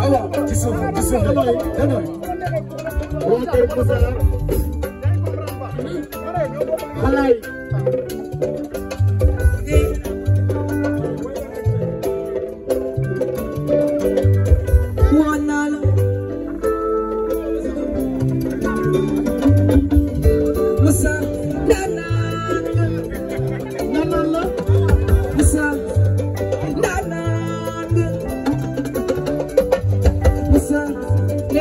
awa ci suuf ci suuf damay damay waa Kër Moussa xalaay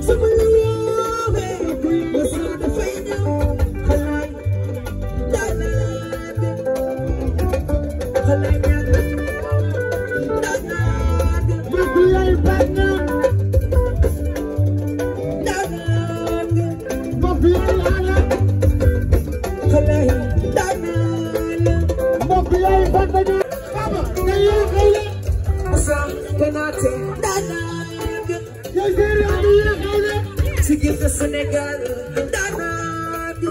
Super Sénégal dana bi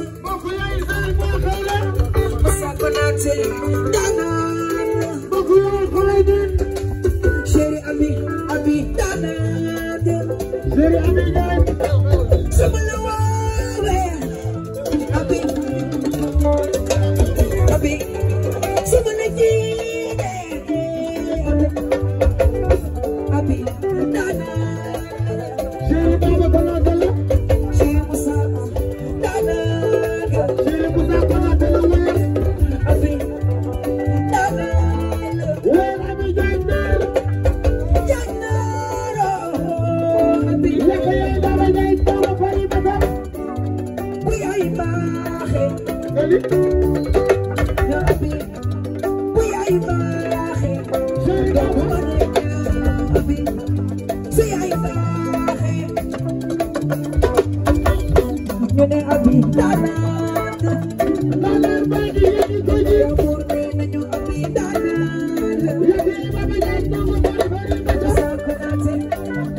अभी दानात लाले बागी ये तुझे अमूर में नजू अभी दानात ये भी बाबा ये तो मगर भरे बचा साथ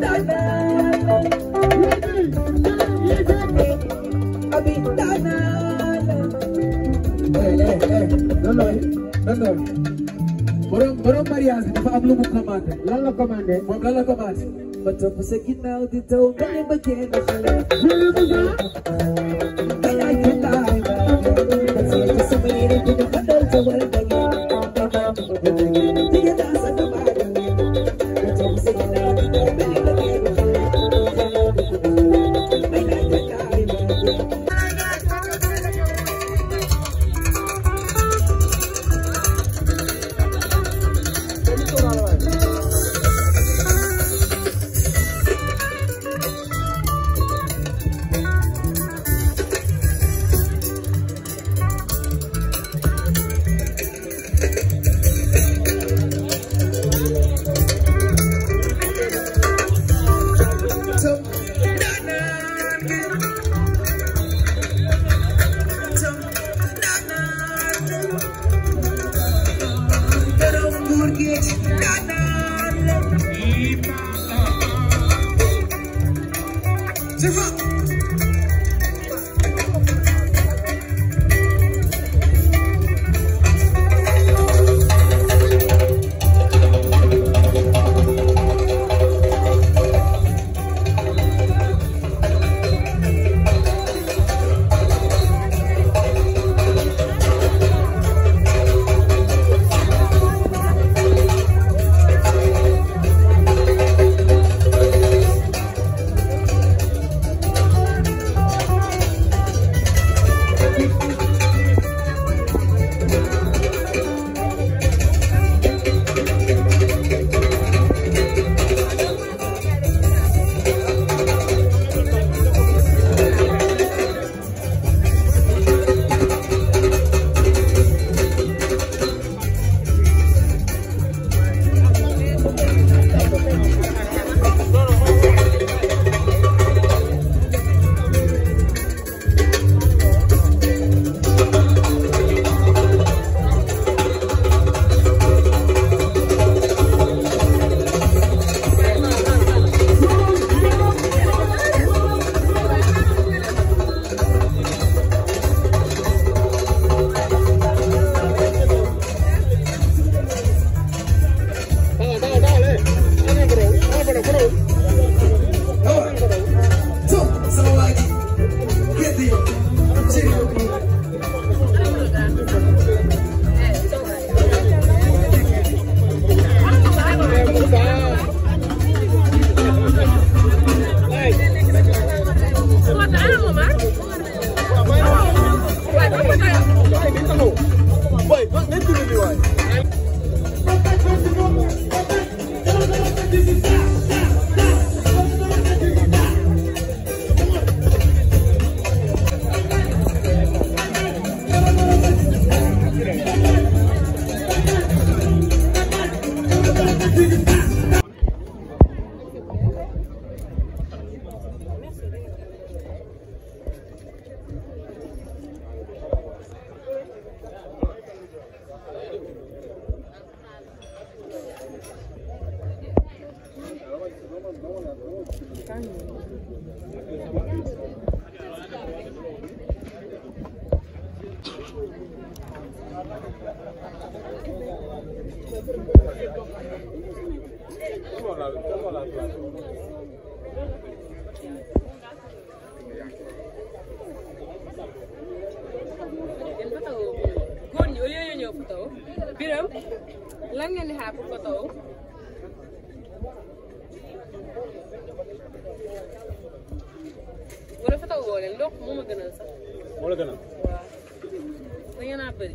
नाचे दानात ये भी ये भी अभी दानात ए ए दोनों दोनों borom borom mariage dafa am lu mu commandé lan la commandé moom lan la commandé ba topp sa ginnaaw di taw mel ni ba génn xale Zero. góor ñi au lieu ñu ñëw photo biram lan ngeen di xaar pour photo wala photo woo leen ndox moo ma gënal sax moo la gënal waaw da ngeen a bëri